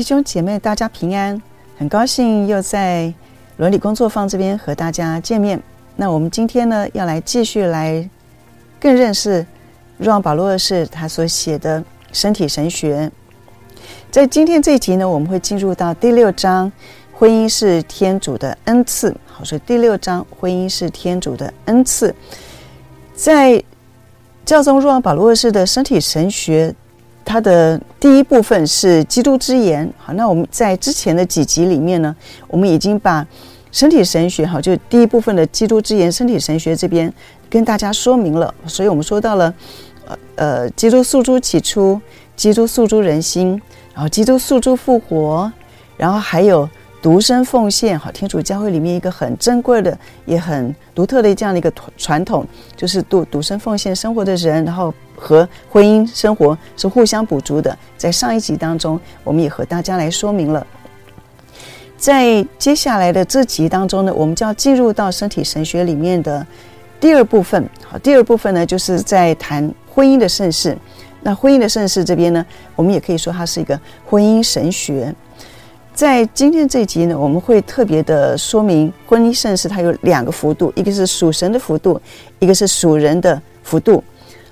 弟兄姐妹，大家平安！很高興又在倫理工作坊這邊和大家見面。那我們今天呢，要來繼續來更認識若望保祿二世他所寫的身體神學。在今天這一集呢，我們會進入到第六章：婚姻是天主的恩賜。好，所以第六章婚姻是天主的恩賜，在教宗若望保祿二世的身體神學。它的第一部分是基督之言，好，那我們在之前的幾集裡面呢，我們已經把身體神學，好，就第一部分的基督之言身體神學這邊跟大家說明了，所以我們說到了，呃呃，基督訴諸起初，基督訴諸人心，然後基督訴諸復活，然後還有獨身奉獻，好，天主教會裡面一個很珍貴的也很獨特的這樣的一個傳統，就是獨獨身奉獻生活的人，然後，和婚姻生活是互相補足的。在上一集當中，我們也和大家來說明了。在接下來的這集當中呢，我們就要進入到身體神學裡面的第二部分。好，第二部分呢，就是在談婚姻的聖事。那婚姻的聖事這邊呢，我們也可以說它是一個婚姻神學。在今天這集呢，我們會特別的說明婚姻聖事它有兩個幅度，一個是屬神的幅度，一個是屬人的幅度。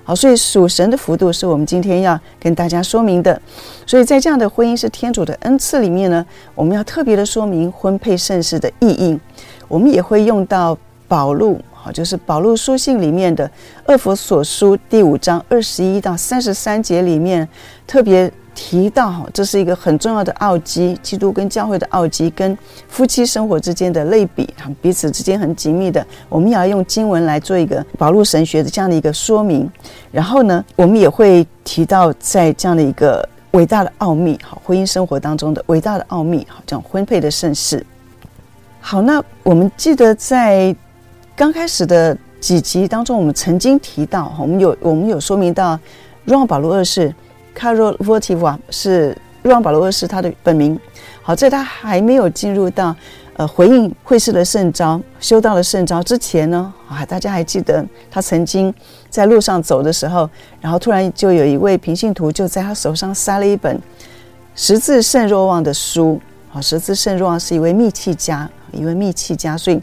好，所以屬神的幅度是我們今天要跟大家說明的，所以在這樣的婚姻是天主的恩賜裡面呢，我們要特別的說明婚配聖事的意義。我們也會用到保祿，好，就是保祿書信裡面的《厄弗所書》第五章二十一到三十三節裡面特別。提到，這是一個很重要的奧蹟，基督跟教會的奧蹟，跟夫妻生活之間的類比哈，彼此之間很緊密的。我們也要用經文來做一個保祿神學的這樣的一個說明，然後呢，我們也會提到在這樣的一個偉大的奧秘哈，婚姻生活當中的偉大的奧秘哈，這婚配的聖事。好，那我們記得在剛開始的幾集當中，我們曾經提到，我們有我們有說明到，若望保祿二世。卡 a r l 瓦 v a 是瑞翰保羅二他的本名。好，在他還沒有進入到呃回應會士的聖招，修道的聖招之前呢，啊，大家還記得他曾經在路上走的時候，然後突然就有一位平信徒就在他手上塞了一本十字若望的書《十字聖若望》的書。好，《十字聖若望》是一位密契家，一位密契家，所以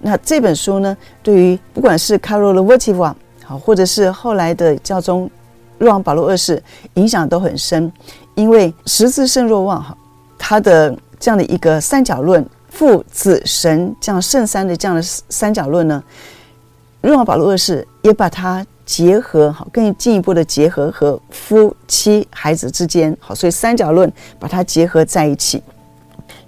那這本書呢，對於不管是卡 a r l 瓦，v a 好，或者是後來的教宗。若望保祿二世影響都很深，因為十字聖若望哈，他的這樣的一個三角論父子神這樣聖三的這樣的三角論呢，若望保祿二世也把它結合好，更進一步的結合和夫妻孩子之間好，所以三角論把它結合在一起，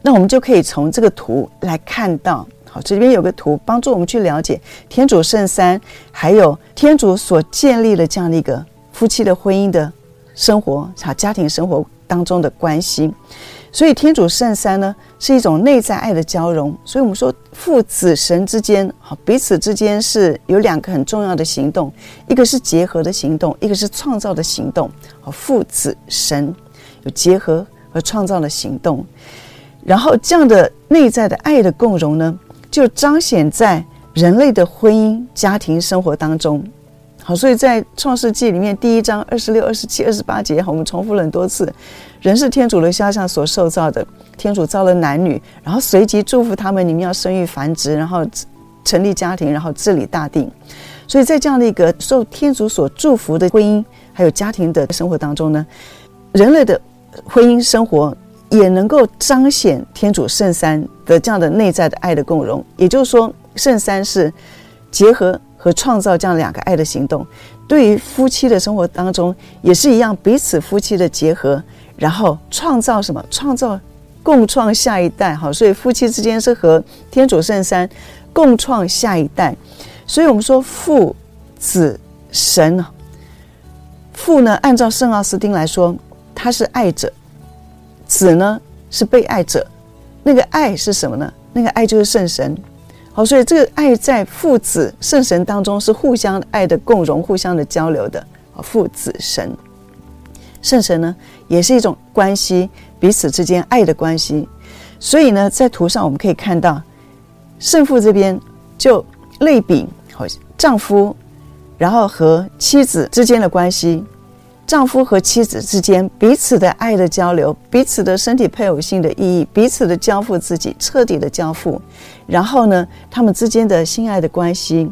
那我們就可以從這個圖來看到好，這裡邊有個圖幫助我們去了解天主聖三，還有天主所建立的這樣的一個。夫妻的婚姻的生活，好，家庭生活當中的關係，所以天主聖三呢是一種內在愛的交融。所以，我們說父子神之間，好，彼此之間是有兩個很重要的行動，一個是結合的行動，一個是創造的行動。好，父子神有結合和創造的行動，然後這樣的內在的愛的共融呢，就彰顯在人類的婚姻家庭生活當中。好，所以在創世紀裡面第一章二十六、二十七、二十八節，好，我們重複了很多次，人是天主的肖像所受造的，天主造了男女，然後隨即祝福他們，你們要生育繁殖，然後成立家庭，然後治理大地。所以在這樣的一個受天主所祝福的婚姻還有家庭的生活當中呢，人類的婚姻生活也能夠彰顯天主聖三的這樣的內在的愛的共融。也就是說，聖三是結合和創造這樣兩個愛的行動，對於夫妻的生活當中也是一樣，彼此夫妻的結合，然後創造什麼？創造共創下一代，好，所以夫妻之間是和天主聖三共創下一代。所以我們說父子神，父呢，按照聖奧斯丁來說，他是愛者，子呢是被愛者，那個愛是什麼呢？那個愛就是聖神。好，所以這個愛在父子、聖神當中是互相愛的共融，互相的交流的啊，父子神，聖神呢也是一種關係，彼此之間愛的關係。所以呢，在圖上我們可以看到，聖父這邊就類比好丈夫，然後和妻子之間的關係。丈夫和妻子之間彼此的愛的交流，彼此的身體配偶性的意義，彼此的交付自己徹底的交付。然後呢，他們之間的性愛的關係，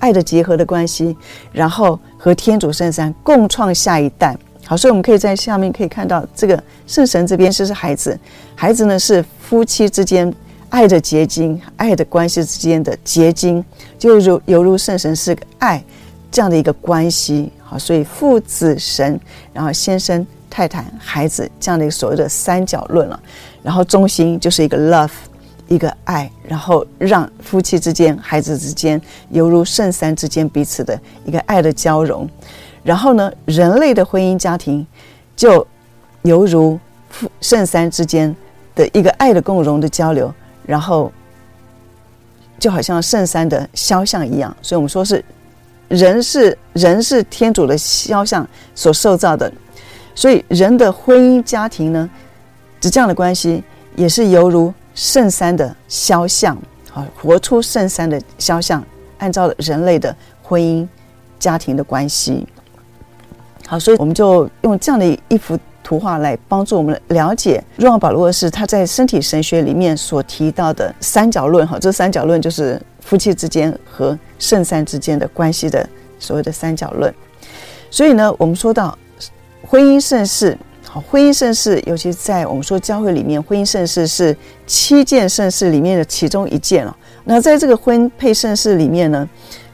愛的結合的關係，然後和天主聖神共創下一代。好，所以我們可以在下面可以看到，這個聖神這邊是是孩子，孩子呢是夫妻之間愛的結晶，愛的關係之間的結晶，就如猶如聖神是個愛這樣的一個關係。所以父子神，然後先生、太太、孩子這樣的一個所謂的三角論了、啊，然後中心就是一個 love，一個愛，然後讓夫妻之間、孩子之間猶如聖三之間彼此的一個愛的交融，然後呢，人類的婚姻家庭就猶如聖三之間的一個愛的共融的交流，然後就好像聖三的肖像一樣，所以我們說是。人是人是天主的肖像所塑造的，所以人的婚姻家庭呢，是這，這樣的關係，也是猶如聖三的肖像，好活出聖三的肖像，按照人類的婚姻家庭的關係，好，所以我們就用這樣的一幅圖畫來幫助我們了解若望保祿二世他在身體神學裡面所提到的三角論，哈，這三角論就是。夫妻之間和聖三之間的關係的所謂的三角論，所以呢，我們說到婚姻聖事，好，婚姻聖事，尤其在我們說教會裡面，婚姻聖事是七件聖事裡面的其中一件哦。那在這個婚配聖事裡面呢，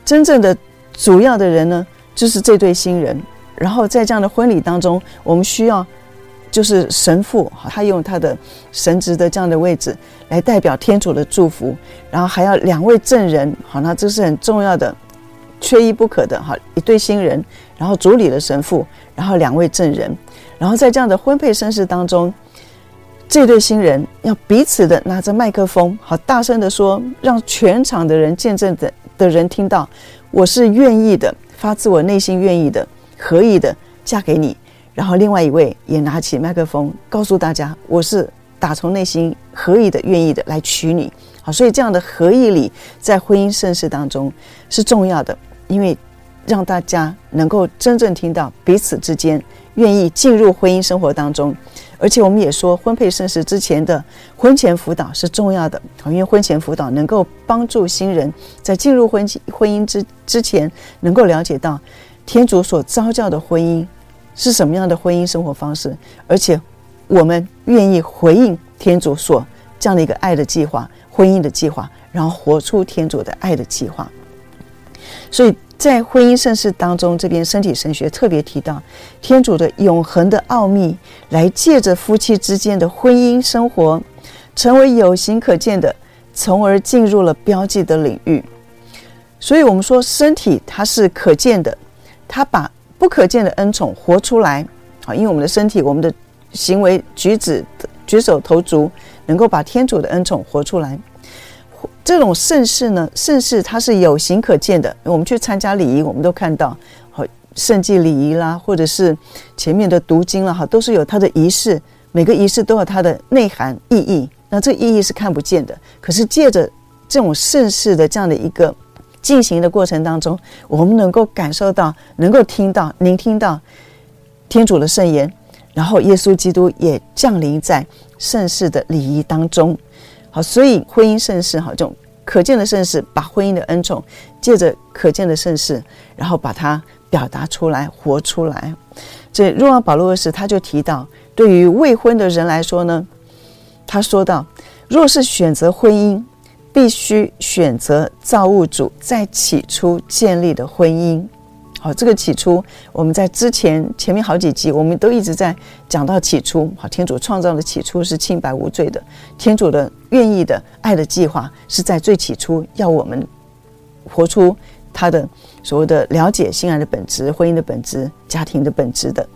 真正的主要的人呢，就是這對新人。然後在這樣的婚禮當中，我們需要。就是神父，他用他的神職的這樣的位置來代表天主的祝福，然後還要兩位證人，好，那這是很重要的，缺一不可的，哈，一對新人，然後主禮的神父，然後兩位證人，然後在這樣的婚配儀式當中，這對新人要彼此的拿着麥克風，好，大聲的說，讓全場的人見證的的人聽到，我是願意的，發自我內心願意的，合意的，嫁給你。然後，另外一位也拿起麥克風告訴大家：“我是打從內心合意的、願意的來娶你。”好，所以這樣的合意禮，在婚姻聖事當中是重要的，因為讓大家能夠真正聽到彼此之間願意進入婚姻生活當中。而且，我們也說，婚配聖事之前的婚前輔導是重要的，好，因為婚前輔導能夠幫助新人在進入婚婚姻之之前，能夠了解到天主所召叫的婚姻。是什麼樣的婚姻生活方式？而且，我們願意回應天主所這樣的一個愛的計劃、婚姻的計劃，然後活出天主的愛的計劃。所以在婚姻聖事當中，這邊身體神學特別提到天主的永恆的奧秘，來借着夫妻之間的婚姻生活，成為有形可見的，從而進入了標記的領域。所以我們說，身體它是可見的，它把不可見的恩寵活出來，啊，因為我們的身體、我們的行為舉止、舉手投足，能夠把天主的恩寵活出來。這種聖事呢，聖事它是有形可見的。我們去參加禮儀，我們都看到，好聖祭禮儀啦，或者是前面的讀經啦，哈，都是有它的儀式，每個儀式都有它的內涵意義。那這個意義是看不見的，可是借着這種聖事的這樣的一個。進行的過程當中，我們能夠感受到，能夠聽到，聆聽到天主的聖言，然後耶穌基督也降臨在聖事的禮儀當中。好，所以婚姻聖事，好就可見的聖事，把婚姻的恩寵借着可見的聖事，然後把它表達出來、活出來。這若望保祿二世他就提到，對於未婚的人來說呢，他說到，若是選擇婚姻。必須選擇造物主在起初建立的婚姻。好，這個起初，我們在之前前面好幾集，我們都一直在講到起初。好，天主創造的起初是清白無罪的，天主的願意的愛的計劃是在最起初要我們活出他的所謂的了解性愛的本質、婚姻的本質、家庭的本質的。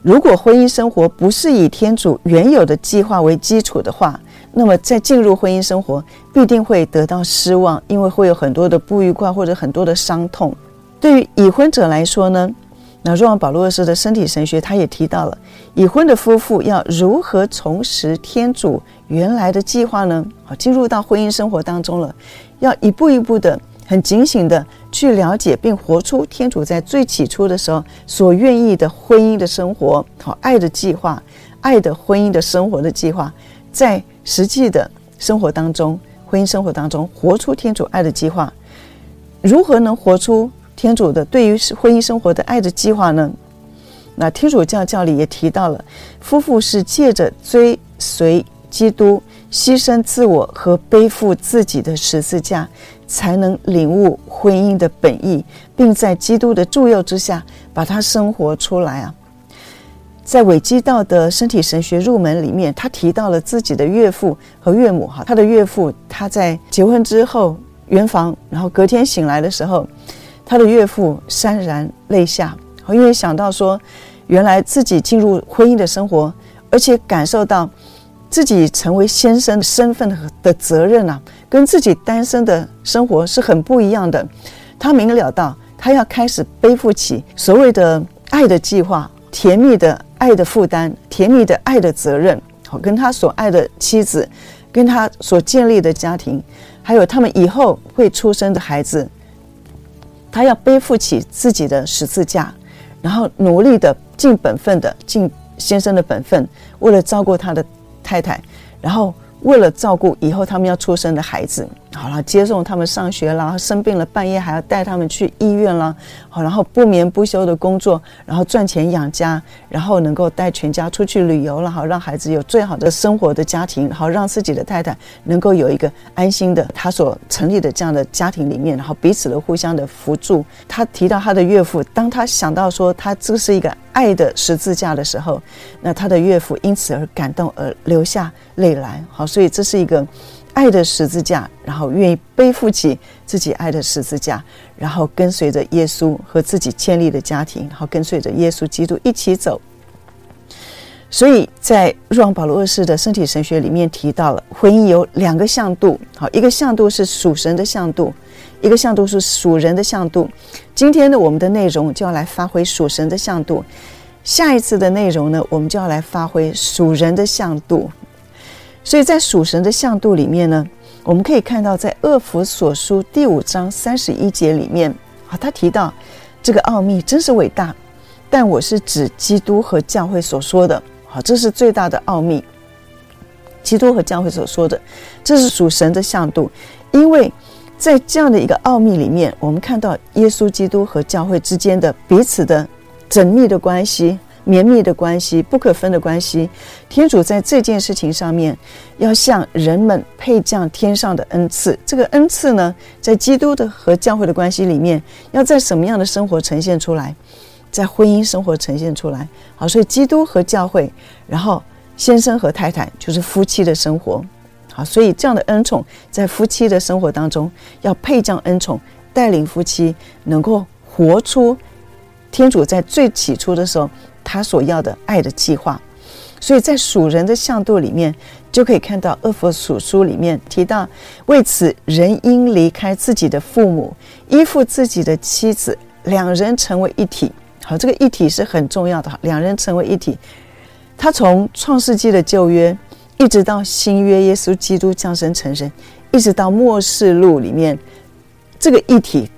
如果婚姻生活不是以天主原有的計劃為基礎的話，那麼，在進入婚姻生活，必定會得到失望，因為會有很多的不愉快或者很多的傷痛。對於已婚者來說呢，那若望保祿二世的身體神學，他也提到了已婚的夫婦要如何重拾天主原來的計劃呢？好，進入到婚姻生活當中了，要一步一步的很警醒的去了解並活出天主在最起初的時候所願意的婚姻的生活，好愛的計劃，愛的婚姻的生活的計劃，在實際的生活當中，婚姻生活當中，活出天主愛的計劃，如何能活出天主的對於婚姻生活的愛的計劃呢？那天主教教理也提到了，夫婦是借着追隨基督、犧牲自我和背負自己的十字架，才能領悟婚姻的本意，並在基督的助佑之下，把它生活出來啊。在《韋基道的身體神學入門》裡面，他提到了自己的岳父和岳母。哈，他的岳父他在結婚之後圓房，然後隔天醒來的時候，他的岳父潸然淚下，因為想到說，原來自己進入婚姻的生活，而且感受到自己成為先生身份的責任啊，跟自己單身的生活是很不一樣的。他明了到，他要開始背負起所謂的愛的計劃。甜蜜的愛的負擔，甜蜜的愛的責任，跟他所愛的妻子，跟他所建立的家庭，還有他們以後會出生的孩子，他要背負起自己的十字架，然後努力的盡本分的盡先生的本分，為了照顧他的太太，然後。為了照顧以後他們要出生的孩子，好了，接送他們上學啦，然後生病了半夜還要帶他們去醫院啦，好，然後不眠不休的工作，然後賺錢養家。然後能夠帶全家出去旅遊，然後讓孩子有最好的生活的家庭，好讓自己的太太能夠有一個安心的他所成立的這樣的家庭裡面，然後彼此的互相的扶助。他提到他的岳父，當他想到說他這是一個愛的十字架的時候，那他的岳父因此而感動而流下淚來。好，所以這是一個。愛的十字架，然後願意背負起自己愛的十字架，然後跟隨着耶穌和自己建立的家庭，然後跟隨着耶穌基督一起走。所以在若望保祿二世的身體神學裡面提到了婚姻有兩個向度，好，一個向度是屬神的向度，一個向度是屬人的向度。今天呢，我們的內容就要來發揮屬神的向度，下一次的內容呢，我們就要來發揮屬人的向度。所以在屬神的向度裡面呢，我們可以看到，在《厄弗所書》第五章三十一節裡面，啊，他提到這個奧秘真是偉大。但我是指基督和教會所說的，好，這是最大的奧秘。基督和教會所說的，這是屬神的向度，因為在這樣的一個奧秘裡面，我們看到耶穌基督和教會之間的彼此的縝密的關係。綿密的關係，不可分的關係，天主在這件事情上面要向人們配降天上的恩賜。這個恩賜呢，在基督的和教會的關係裡面，要在什麼樣的生活呈現出來？在婚姻生活呈現出來。好，所以基督和教會，然後先生和太太就是夫妻的生活。好，所以這樣的恩寵在夫妻的生活當中要配降恩寵，帶領夫妻能夠活出天主在最起初的時候，他所要的愛的計劃，所以在屬人的向度裡面，就可以看到《厄弗所書》裡面提到，為此人應離開自己的父母，依附自己的妻子，兩人成為一體。好，這個一體是很重要的，兩人成為一體。他從創世紀的舊約，一直到新約耶穌基督降生成人，一直到默示錄裡面，這個一體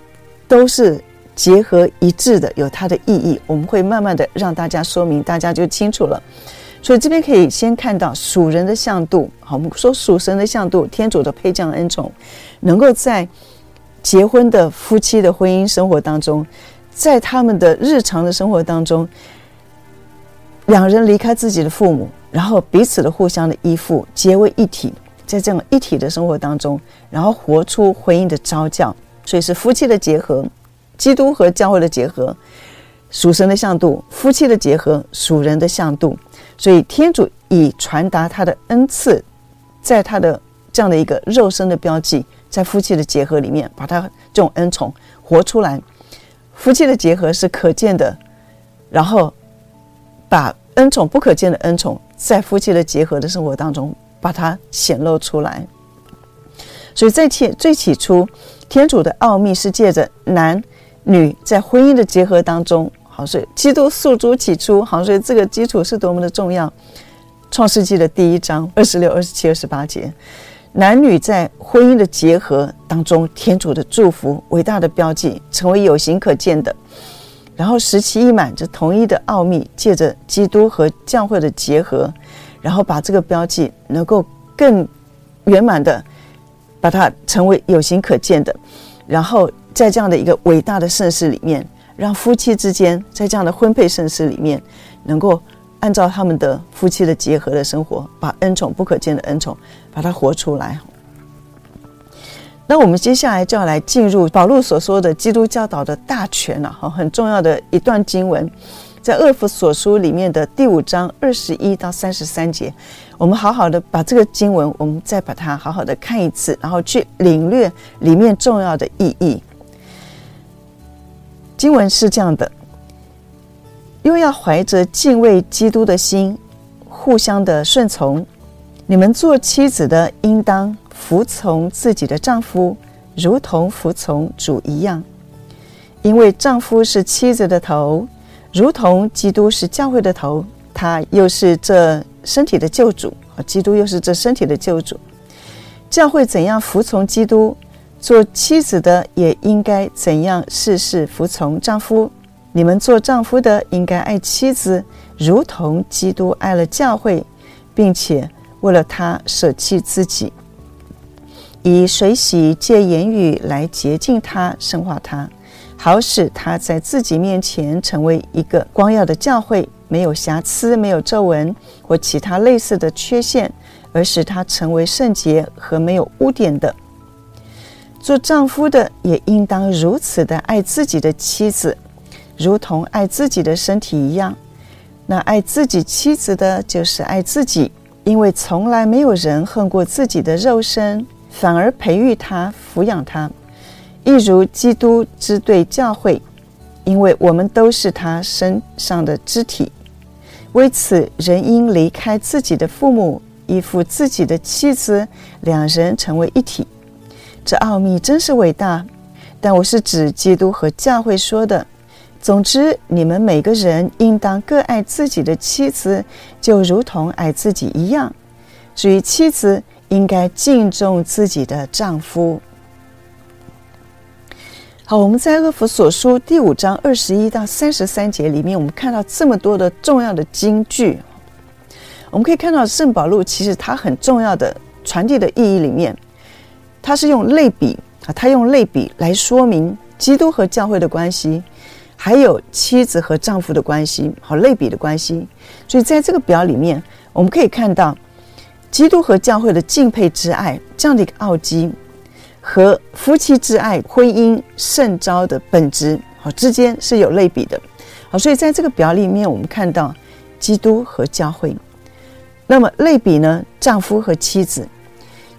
都是。結合一致的有它的意義，我們會慢慢的讓大家說明，大家就清楚了。所以這邊可以先看到屬人的向度。好，我們說屬神的向度，天主的配將恩寵，能夠在結婚的夫妻的婚姻生活當中，在他們的日常的生活當中，兩人離開自己的父母，然後彼此的互相的依附，結為一體，在這樣一體的生活當中，然後活出婚姻的召叫。所以是夫妻的結合。基督和教會的結合，屬神的向度；夫妻的結合，屬人的向度。所以，天主以傳達他的恩賜，在他的這樣的一個肉身的標記，在夫妻的結合裡面，把他這種恩寵活出來。夫妻的結合是可見的，然後把恩寵不可見的恩寵，在夫妻的結合的生活當中，把它顯露出來。所以，在起最起初，天主的奧秘是借着男。女在婚姻的結合當中，好說基督訴諸起初，好說這個基礎是多麼的重要。創世紀的第一章二十六、二十七、二十八節，男女在婚姻的結合當中，天主的祝福、偉大的標記，成為有形可見的。然後時期一滿，這同一的奧秘，借着基督和教會的結合，然後把這個標記能夠更圓滿的把它成為有形可見的，然後。在這樣的一個偉大的聖事裡面，讓夫妻之間在這樣的婚配聖事裡面，能夠按照他們的夫妻的結合的生活，把恩寵不可見的恩寵把它活出來。那我們接下來就要來進入保祿所說的基督教導的大全了哈，很重要的一段經文，在《厄弗所書》裡面的第五章二十一到三十三節，我們好好的把這個經文，我們再把它好好的看一次，然後去領略裡面重要的意義。經文是這樣的：又要懷着敬畏基督的心，互相的順從。你們做妻子的，應當服從自己的丈夫，如同服從主一樣，因為丈夫是妻子的頭，如同基督是教會的頭，他又是這身體的救主啊！基督又是這身體的救主。教會怎樣服從基督？做妻子的也應該怎樣事事服從丈夫。你們做丈夫的應該愛妻子，如同基督愛了教會，並且為了他捨棄自己，以水洗借言語來潔淨他，聖化他，好使他在自己面前成為一個光耀的教會，沒有瑕疵、沒有皺紋或其他類似的缺陷，而使他成為聖潔和沒有污點的。做丈夫的也應當如此的愛自己的妻子，如同愛自己的身體一樣。那愛自己妻子的，就是愛自己，因為從來沒有人恨過自己的肉身，反而培育他、撫養他。一如基督之對教會，因為我們都是他身上的肢體。為此，人應離開自己的父母，依附自己的妻子，兩人成為一體。這奧秘真是偉大，但我是指基督和教會說的。總之，你們每個人應當各愛自己的妻子，就如同愛自己一樣。至於妻子，應該敬重自己的丈夫。好，我們在《厄弗所書》第五章二十一到三十三節裡面，我們看到這麼多的重要的金句。我們可以看到，聖保祿其實它很重要的傳遞的意義裡面。他是用類比啊，他用類比來說明基督和教會的關係，還有妻子和丈夫的關係，好，類比的關係。所以在這個表裡面，我們可以看到基督和教會的敬佩之愛這樣的一個奧跡。和夫妻之愛、婚姻聖召的本質好，之間是有類比的。好，所以在這個表裡面，我們看到基督和教會，那麼類比呢，丈夫和妻子。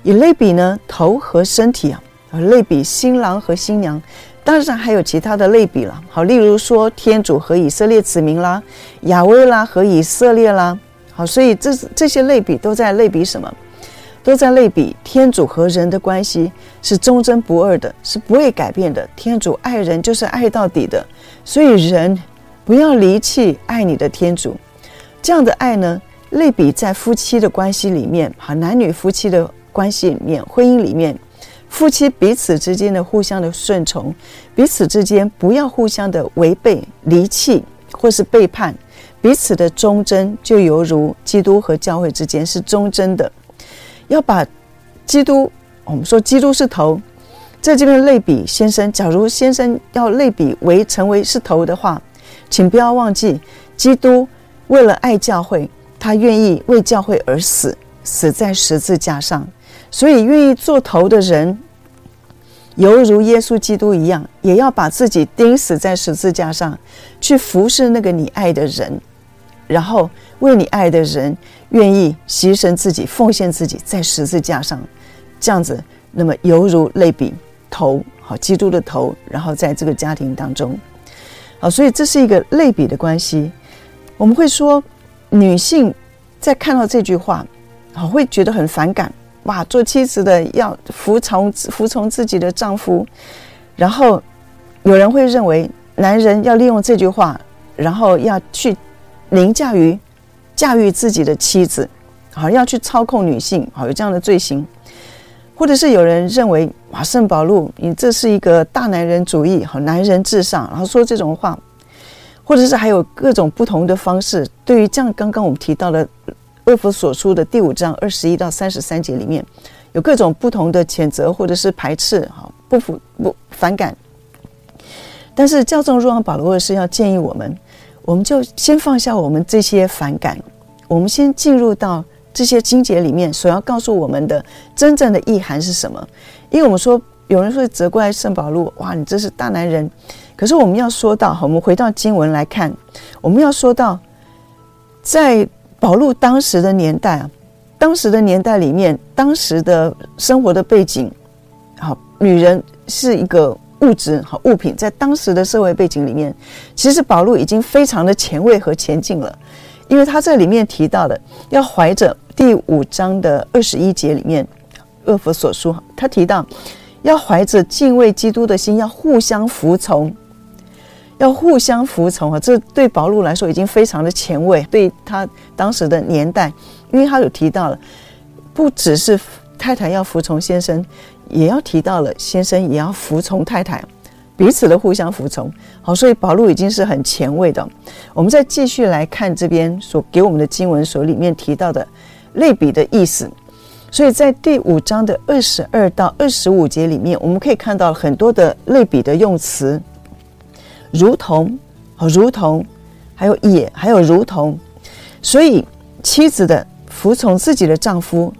以類比呢，頭和身體啊，啊，類比新郎和新娘，當然還有其他的類比了。好，例如說天主和以色列子民啦，雅威啦和以色列啦。好，所以這這些類比都在類比什麼？都在類比天主和人的關係是忠貞不二的，是不會改變的。天主愛人就是愛到底的，所以人不要離棄愛你的天主。這樣的愛呢，類比在夫妻的關係裡面，好，男女夫妻的關係裡面，婚姻裡面，夫妻彼此之間的互相的順從，彼此之間不要互相的違背、離棄或是背叛，彼此的忠貞就猶如基督和教會之間是忠貞的。要把基督，我們說基督是頭，這就是類比先生，假如先生要類比為成為是頭的話，請不要忘記，基督為了愛教會，他願意為教會而死，死在十字架上。所以，願意做頭的人，猶如耶穌基督一樣，也要把自己釘死在十字架上，去服侍那個你愛的人，然後為你愛的人願意犧牲自己、奉獻自己在十字架上，這樣子，那麼猶如類比頭，好，基督的頭，然後在這個家庭當中，好，所以這是一個類比的關係。我們會說，女性在看到這句話，好，會覺得很反感。哇，做妻子的要服從服從自己的丈夫，然後有人會認為男人要利用這句話，然後要去凌駕於駕馭自己的妻子，啊，要去操控女性，好、啊，有這樣的罪行，或者是有人認為哇，聖保祿，你這是一個大男人主義和、啊、男人至上，然後說這種話，或者是還有各種不同的方式，對於這樣剛剛我們提到的。厄弗所書的第五章二十一到三十三節裡面有各種不同的譴責或者是排斥，哈，不服不反感。但是教宗若望保祿的是要建議我們，我們就先放下我們這些反感，我們先進入到這些經節裡面所要告訴我們的真正的意涵是什麼？因為我們說，有人說責怪聖保祿，哇，你這是大男人。可是我們要說到，好，我們回到經文來看，我們要說到在。寶祿當時的年代啊，當時的年代裡面，當時的生活的背景，好，女人是一個物質和物品，在當時的社會背景裡面，其實寶祿已經非常的前衛和前進了，因為他這裡面提到的，要懷着第五章的二十一節裡面，厄弗所書，他提到，要懷着敬畏基督的心，要互相服從。要互相服從啊！這對保祿來說已經非常的前衛，對他當時的年代，因為他有提到了，不只是太太要服從先生，也要提到了先生也要服從太太，彼此的互相服從。好，所以保祿已經是很前衛的。我們再繼續來看這邊所給我們的經文所裡面提到的類比的意思。所以在第五章的二十二到二十五節裡面，我們可以看到很多的類比的用詞。如同，和如同，還有也，還有如同，所以妻子的服從自己的丈夫，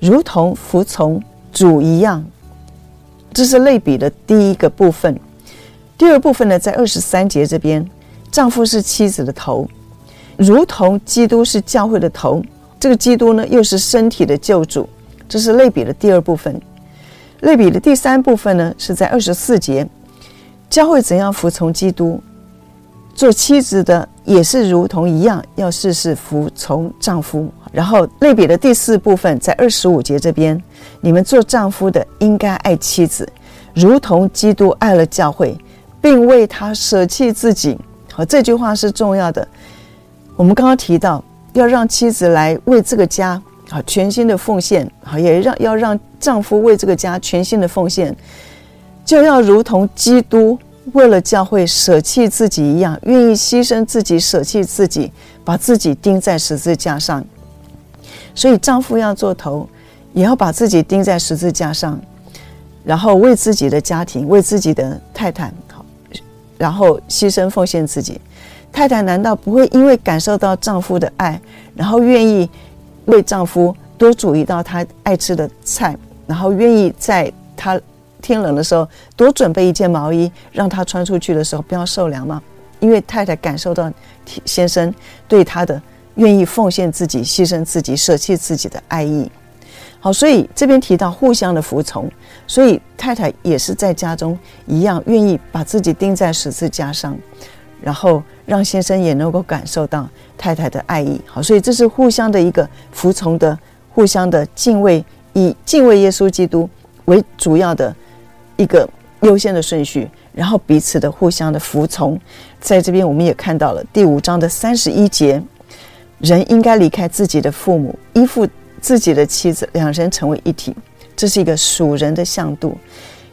如同服從主一樣。這是類比的第一個部分。第二部分呢，在二十三節這邊，丈夫是妻子的頭，如同基督是教會的頭。這個基督呢，又是身體的救主。這是類比的第二部分。類比的第三部分呢，是在二十四節。教會怎樣服從基督，做妻子的也是如同一樣，要事事服從丈夫。然後類比的第四部分，在二十五節這邊，你們做丈夫的應該愛妻子，如同基督愛了教會，並為他捨棄自己。好，這句話是重要的。我們剛剛提到，要讓妻子來為這個家啊，全心的奉獻啊，也讓要讓丈夫為這個家全心的奉獻。就要如同基督為了教會捨棄自己一樣，願意犧牲自己、捨棄自己，把自己釘在十字架上。所以，丈夫要做頭，也要把自己釘在十字架上，然後為自己的家庭、為自己的太太，好，然後犧牲奉獻自己。太太難道不會因為感受到丈夫的愛，然後願意為丈夫多煮一道他愛吃的菜，然後願意在他天冷的時候多準備一件毛衣，讓他穿出去的時候不要受涼嘛。因為太太感受到先生對他的願意奉獻自己、犧牲自己、捨棄自己的愛意。好，所以這邊提到互相的服從，所以太太也是在家中一樣願意把自己釘在十字架上，然後讓先生也能夠感受到太太的愛意。好，所以這是互相的一個服從的、互相的敬畏，以敬畏耶穌基督為主要的。一個優先的順序，然後彼此的互相的服從，在這邊我們也看到了第五章的三十一節，人應該離開自己的父母，依附自己的妻子，兩人成為一體，這是一個屬人的向度。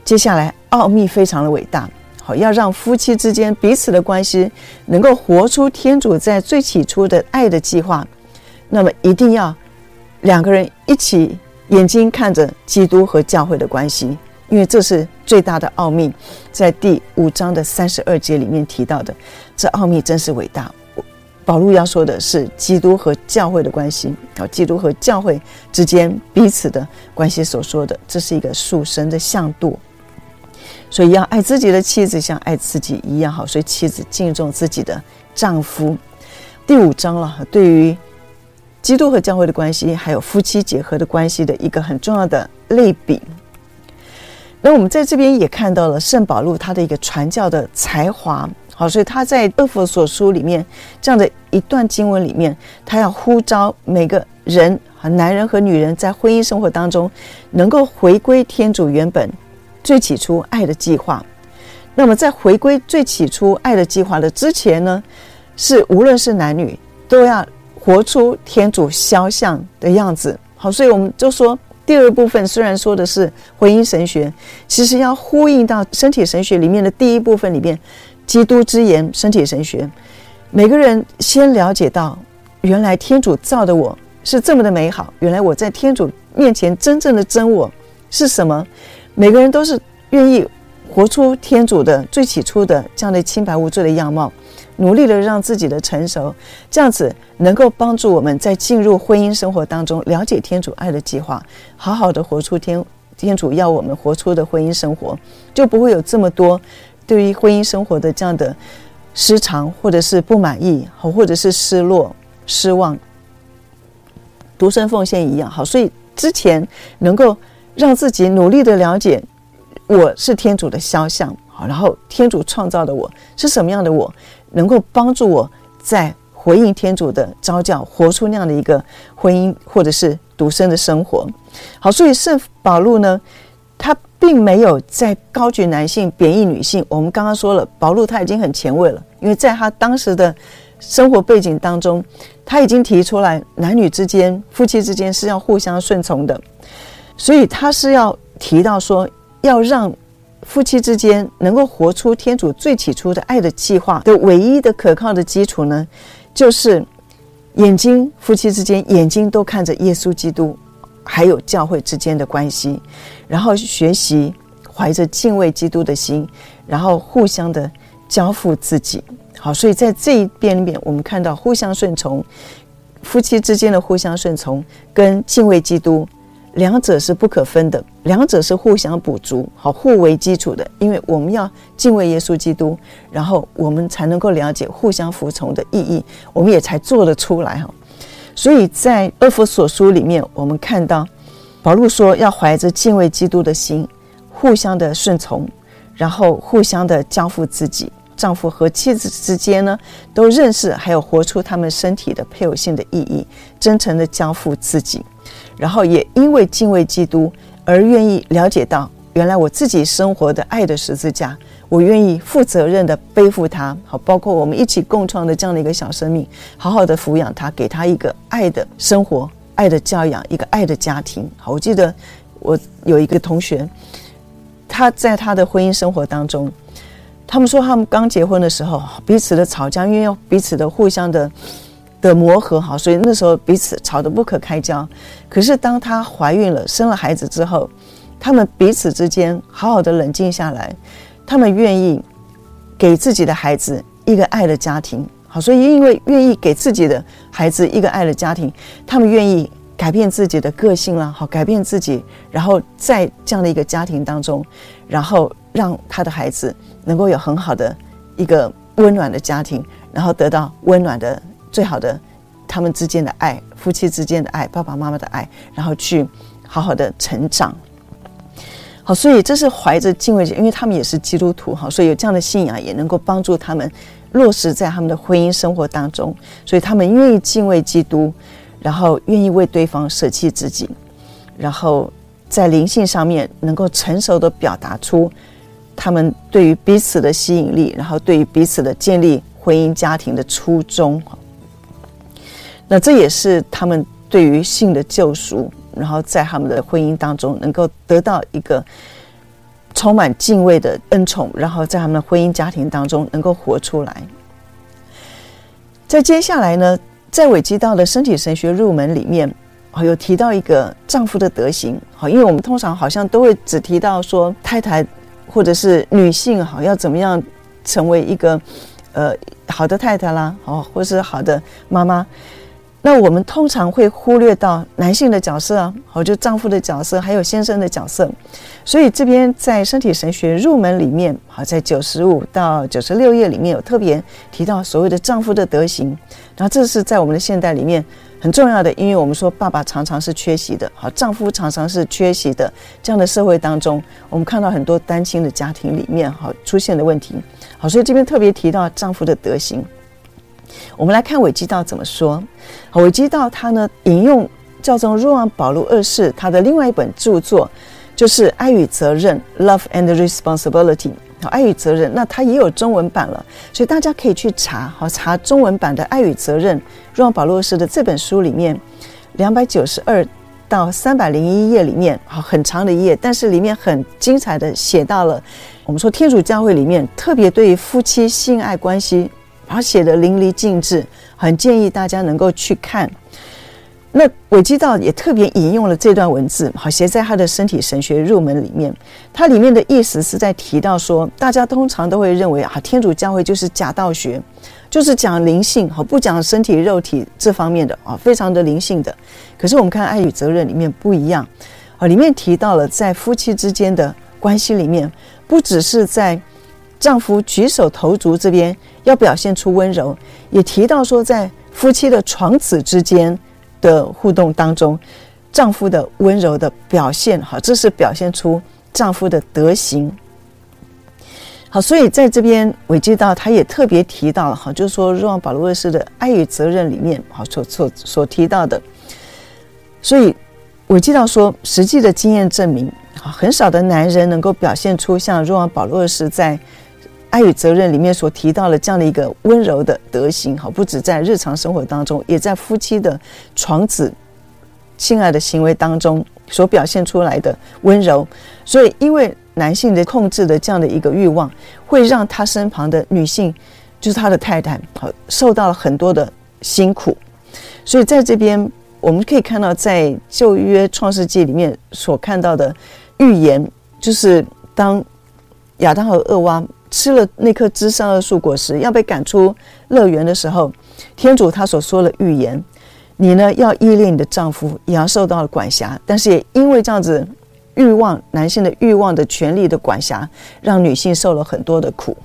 接下來奧祕非常的偉大，好，要讓夫妻之間彼此的關係能夠活出天主在最起初的愛的計劃，那麼一定要兩個人一起眼睛看着基督和教會的關係。因為這是最大的奧秘，在第五章的三十二節裡面提到的，這奧秘真是偉大。我保羅要說的是基督和教會的關係，好，基督和教會之間彼此的關係所說的，這是一個屬神的向度，所以要愛自己的妻子，像愛自己一樣好，所以妻子敬重自己的丈夫。第五章了，對於基督和教會的關係，還有夫妻結合的關係的一個很重要的類比。那我們在這邊也看到了聖保祿他的一個傳教的才華，好，所以他在《厄弗所書》裡面這樣的一段經文裡面，他要呼召每個人，和男人和女人在婚姻生活當中，能夠回歸天主原本最起初愛的計劃。那麼在回歸最起初愛的計劃的之前呢，是無論是男女都要活出天主肖像的樣子。好，所以我們就說。第二部分雖然說的是婚姻神學，其實要呼應到身體神學裡面的第一部分裡面，基督之言身體神學。每個人先了解到，原來天主造的我是這麼的美好，原來我在天主面前真正的真我是什麼。每個人都是願意，活出天主的最起初的這樣的清白無罪的樣貌，努力的讓自己的成熟，這樣子能夠幫助我們在進入婚姻生活當中了解天主愛的計劃，好好的活出天天主要我們活出的婚姻生活，就不會有這麼多對於婚姻生活的這樣的失常或者是不滿意或者是失落失望，獨身奉獻一樣好，所以之前能夠讓自己努力的了解。我是天主的肖像，好，然後天主創造的我是什麼樣的我？我能夠幫助我在回應天主的召叫，活出那樣的一個婚姻或者是獨身的生活，好，所以聖保祿呢，他並沒有在高舉男性貶抑女性。我們剛剛說了，保祿他已經很前衛了，因為在他當時的生活背景當中，他已經提出來男女之間、夫妻之間是要互相順從的，所以他是要提到說。要讓夫妻之間能夠活出天主最起初的愛的計劃的唯一的可靠的基礎呢，就是眼睛夫妻之間眼睛都看着耶穌基督，還有教會之間的關係，然後學習懷着敬畏基督的心，然後互相的交付自己。好，所以在這一邊裡面，我們看到互相順從，夫妻之間的互相順從跟敬畏基督。兩者是不可分的，兩者是互相補足，好互為基礎的。因為我們要敬畏耶穌基督，然後我們才能夠了解互相服從的意義，我們也才做得出來哈。所以在厄弗所書裡面，我們看到保祿說，要懷着敬畏基督的心，互相的順從，然後互相的交付自己。丈夫和妻子之間呢，都認識還有活出他們身體的配偶性的意義，真誠的交付自己。然後也因為敬畏基督而願意了解到，原來我自己生活的愛的十字架，我願意負責任的背負它。好，包括我們一起共創的這樣的一個小生命，好好的撫養他，給他一個愛的生活、愛的教養、一個愛的家庭。好，我記得我有一個同學，他在他的婚姻生活當中，他們說他們剛結婚的時候，彼此的吵架，因為彼此的互相的。的磨合，好，所以那時候彼此吵得不可開交。可是當她懷孕了，生了孩子之後，他們彼此之間好好的冷靜下來，他們願意給自己的孩子一個愛的家庭，好，所以因為願意給自己的孩子一個愛的家庭，他們願意改變自己的個性啦，好，改變自己，然後在這樣的一個家庭當中，然後讓他的孩子能夠有很好的一個溫暖的家庭，然後得到溫暖的。最好的，他們之間的愛，夫妻之間的愛，爸爸媽媽的愛，然後去好好的成長。好，所以這是懷着敬畏心，因為他們也是基督徒，哈，所以有這樣的信仰也能夠幫助他們落實在他們的婚姻生活當中。所以他們願意敬畏基督，然後願意為對方捨棄自己，然後在靈性上面能夠成熟的表達出他們對於彼此的吸引力，然後對於彼此的建立婚姻家庭的初衷。那這也是他們對於性的救贖，然後在他們的婚姻當中能夠得到一個充滿敬畏的恩寵，然後在他們的婚姻家庭當中能夠活出來。在接下來呢，在韋基道的身體神學入門裡面，好，有提到一個丈夫的德行。好，因為我們通常好像都會只提到說太太或者是女性，好，要怎麼樣成為一個呃好的太太啦，好或是好的媽媽。那我們通常會忽略到男性的角色，啊，好就丈夫的角色，還有先生的角色，所以這邊在身體神學入門裡面，好在九十五到九十六頁裡面有特別提到所謂的丈夫的德行。然後這是在我們的現代裡面很重要的，因為我們說爸爸常常是缺席的，好丈夫常常是缺席的這樣的社會當中，我們看到很多單親的家庭裡面好出現的問題，好所以這邊特別提到丈夫的德行。我們來看韋基道怎麼說。韋基道他呢引用叫做若望保祿二世他的另外一本著作，就是《愛與責任》（Love and Responsibility）。好，《愛與責任》那他也有中文版了，所以大家可以去查，好查中文版的《愛與責任》若望保祿二世的這本書裡面，兩百九十二到三百零一頁裡面，好很長的一頁，但是裡面很精彩的寫到了，我們說天主教會裡面特別對於夫妻性愛關係。而寫得淋漓盡致，很建議大家能夠去看。那韋基道也特別引用了這段文字，好寫在他的身體神學入門裡面。它裡面的意思是在提到說，大家通常都會認為啊，天主教會就是假道學，就是講靈性，好不講身體肉體這方面的啊，非常的靈性的。可是我們看愛與責任裡面不一樣，啊，裡面提到了在夫妻之間的關係裡面，不只是在。丈夫舉手投足這邊要表現出溫柔，也提到說，在夫妻的床笫之間的互動當中，丈夫的溫柔的表現，好，這是表現出丈夫的德行。好，所以在這邊，韋基道他也特別提到了，好，就是說，若望保祿二世的《愛與責任》裡面，好，所、所、所提到的，所以韋基道說，實際的經驗證明，啊，很少的男人能夠表現出像若望保祿二世在愛與責任裡面所提到的這樣的一個溫柔的德行，哈不止在日常生活當中，也在夫妻的床笫性愛的行為當中所表現出來的溫柔。所以，因為男性的控制的這樣的一個慾望，會讓他身旁的女性，就是他的太太，好，受到了很多的辛苦。所以，在這邊我們可以看到，在舊約創世紀裡面所看到的預言，就是當亞當和厄娃。吃了那顆知善惡樹果實，要被趕出樂園的時候，天主他所說的預言：“你呢要依戀你的丈夫，也要受到管轄。”但是也因為這樣子，慾望男性的慾望的權力的管轄，讓女性受了很多的苦。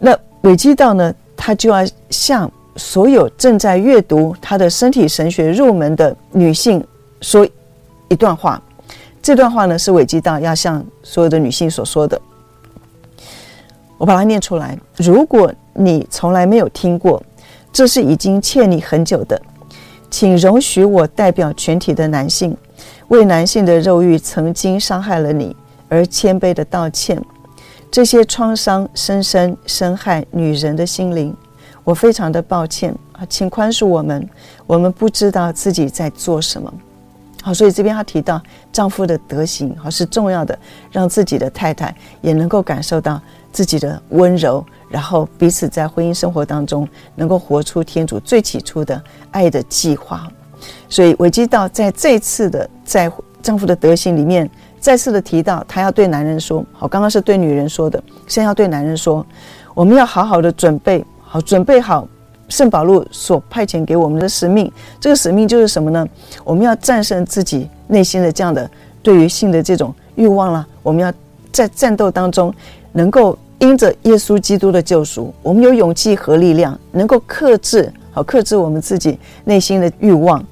那韋基道呢，他就要向所有正在閱讀他的身體神學入門的女性說一段話。這段話呢，是韋基道要向所有的女性所說的。我把它念出來。如果你從來沒有聽過，這是已經欠你很久的，請容許我代表全體的男性，為男性的肉欲曾經傷害了你而謙卑的道歉。這些創傷深深傷害女人的心靈，我非常的抱歉啊，請寬恕我們，我們不知道自己在做什麼。好，所以這邊他提到丈夫的德行好是重要的，讓自己的太太也能夠感受到自己的溫柔，然後彼此在婚姻生活當中能夠活出天主最起初的愛的計劃。所以，韋基道在這次的在丈夫的德行裡面再次的提到，他要對男人說：好，剛剛是對女人說的，現在要對男人說，我們要好好的準備好準備好。聖保祿所派遣給我們的使命，這個使命就是什麼呢？我們要戰勝自己內心的這樣的對於性的這種慾望了、啊。我們要在戰鬥當中，能夠因着耶穌基督的救贖，我們有勇氣和力量，能夠克制好，克制我們自己內心的慾望，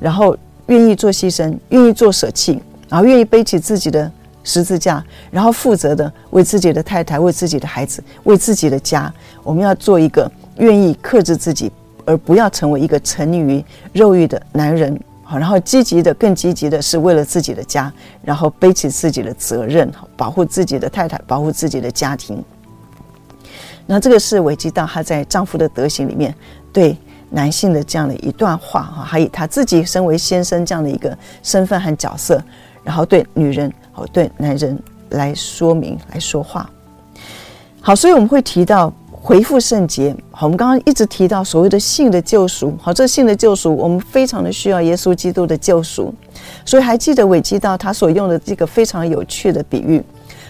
然後願意做犧牲，願意做捨棄，然後願意背起自己的十字架，然後負責的為自己的太太，為自己的孩子，為自己的家，我們要做一個。願意克制自己，而不要成為一個沉溺於肉慾的男人。好，然後積極的，更積極的是為了自己的家，然後背起自己的責任，保護自己的太太，保護自己的家庭。那這個是韋基道他在丈夫的德行裡面對男性的這樣的一段話哈，他以他自己身為先生這樣的一個身份和角色，然後對女人和對男人來說明來說話。好，所以我們會提到。回復聖潔。好，我們剛剛一直提到所謂的性的救贖，好，這性的救贖，我們非常的需要耶穌基督的救贖，所以還記得韋基道他所用的這個非常有趣的比喻，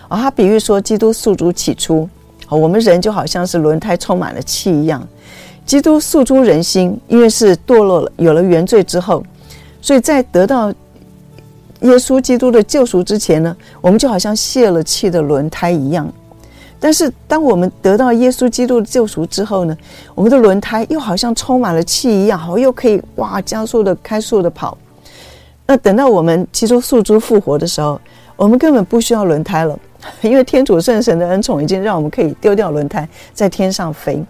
啊，他比喻說，基督訴諸起初，好，我們人就好像是輪胎充滿了氣一樣，基督訴諸人心，因為是墮落了，有了原罪之後，所以在得到耶穌基督的救贖之前呢，我們就好像泄了氣的輪胎一樣。但是，當我們得到耶穌基督的救贖之後呢，我們的輪胎又好像充滿了氣一樣，好，又可以哇加速的、開速的跑。那等到我們基督受主復活的時候，我們根本不需要輪胎了，因為天主聖神的恩寵已經讓我們可以丟掉輪胎，在天上飛。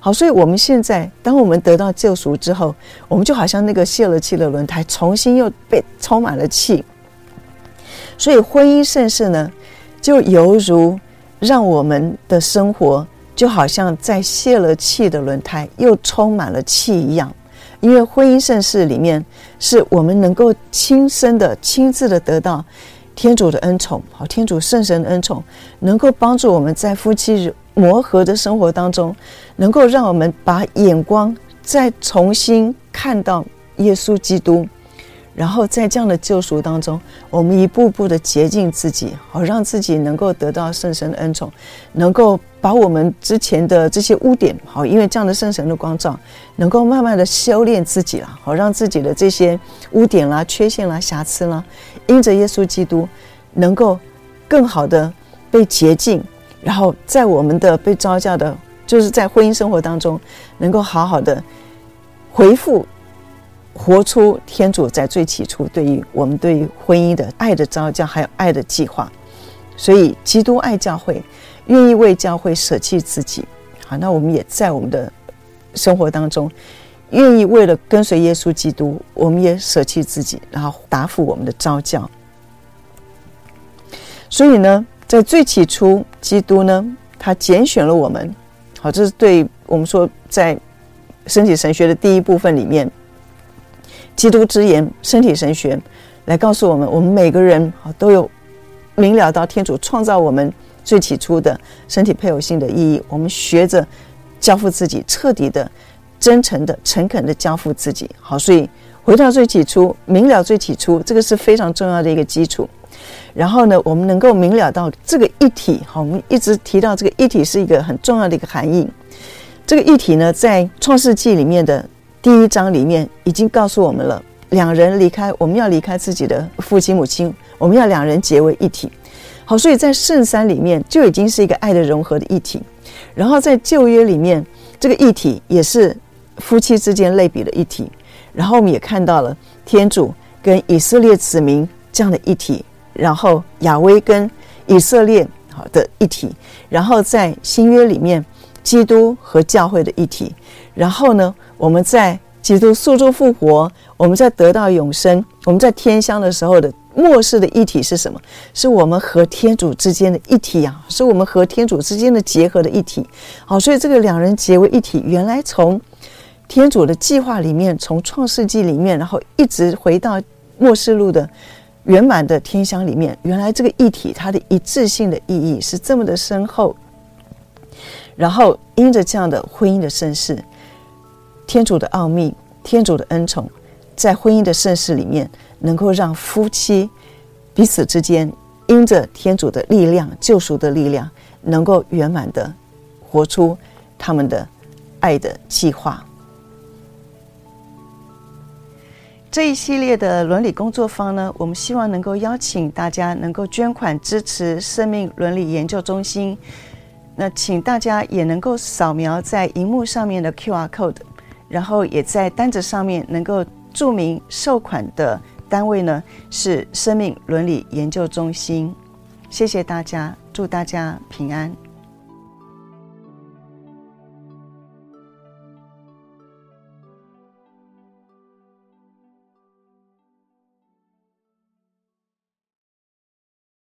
好，所以我們現在，當我們得到救贖之後，我們就好像那個洩了氣的輪胎，重新又被充滿了氣。所以婚姻聖事呢，就猶如。讓我們的生活就好像在洩了氣的輪胎又充滿了氣一樣，因為婚姻聖事裡面是我們能夠親身的、親自的得到天主的恩寵，好，天主聖神的恩寵，能夠幫助我們在夫妻磨合的生活當中，能夠讓我們把眼光再重新看到耶穌基督。然後在這樣的救贖當中，我們一步步的潔淨自己，好讓自己能夠得到聖神的恩寵，能夠把我們之前的這些污點，好，因為這樣的聖神的光照，能夠慢慢的修煉自己啦，好讓自己的這些污點啦、缺陷啦、瑕疵啦，因着耶穌基督，能夠更好的被潔淨，然後在我們的被招架的，就是在婚姻生活當中，能夠好好的回復。活出天主在最起初對於我們，對於婚姻的愛的召叫，還有愛的計劃，所以基督愛教會，願意為教會捨棄自己。好，那我們也在我們的生活當中，願意為了跟隨耶穌基督，我們也捨棄自己，然後答復我們的召叫。所以呢，在最起初，基督呢，他揀選了我們。好，這是對我們說，在身體神學的第一部分裡面。基督之言，身體神學，來告訴我們：我們每個人啊，都有明了到天主創造我們最起初的身體配偶性的意義。我們學着交付自己，徹底的、真誠的、誠懇的交付自己。好，所以回到最起初，明了最起初，這個是非常重要的一個基礎。然後呢，我們能夠明了到這個一體，好，我們一直提到這個一體是一個很重要的一個含義。這個一體呢，在創世紀裡面的。第一章裡面已經告訴我們了，兩人離開，我們要離開自己的父親母親，我們要兩人結為一體。好，所以在聖三裡面就已經是一個愛的融合的一體，然後在舊約裡面，這個一體也是夫妻之間類比的一體，然後我們也看到了天主跟以色列子民這樣的一體，然後雅威跟以色列好的一體，然後在新約裡面。基督和教會的一體，然後呢，我們在基督受咒復活，我們在得到永生，我們在天鄉的時候的末世的一體是什麼？是我們和天主之間的一體啊，是我們和天主之間的結合的一體。好，所以這個兩人結為一體，原來從天主的計劃裡面，從創世紀裡面，然後一直回到默示錄的圓滿的天鄉裡面，原來這個一體它的一致性的意義是這麼的深厚。然後，因着這樣的婚姻的聖事，天主的奧秘，天主的恩寵，在婚姻的聖事裡面，能夠讓夫妻彼此之間，因着天主的力量、救贖的力量，能夠圓滿地活出他們的愛的計劃。這一系列的倫理工作坊呢，我們希望能夠邀請大家能夠捐款支持生命倫理研究中心。那請大家也能夠掃描在熒幕上面的 QR code，然後也在單子上面能夠注明受款的單位呢，是生命倫理研究中心。謝謝大家，祝大家平安。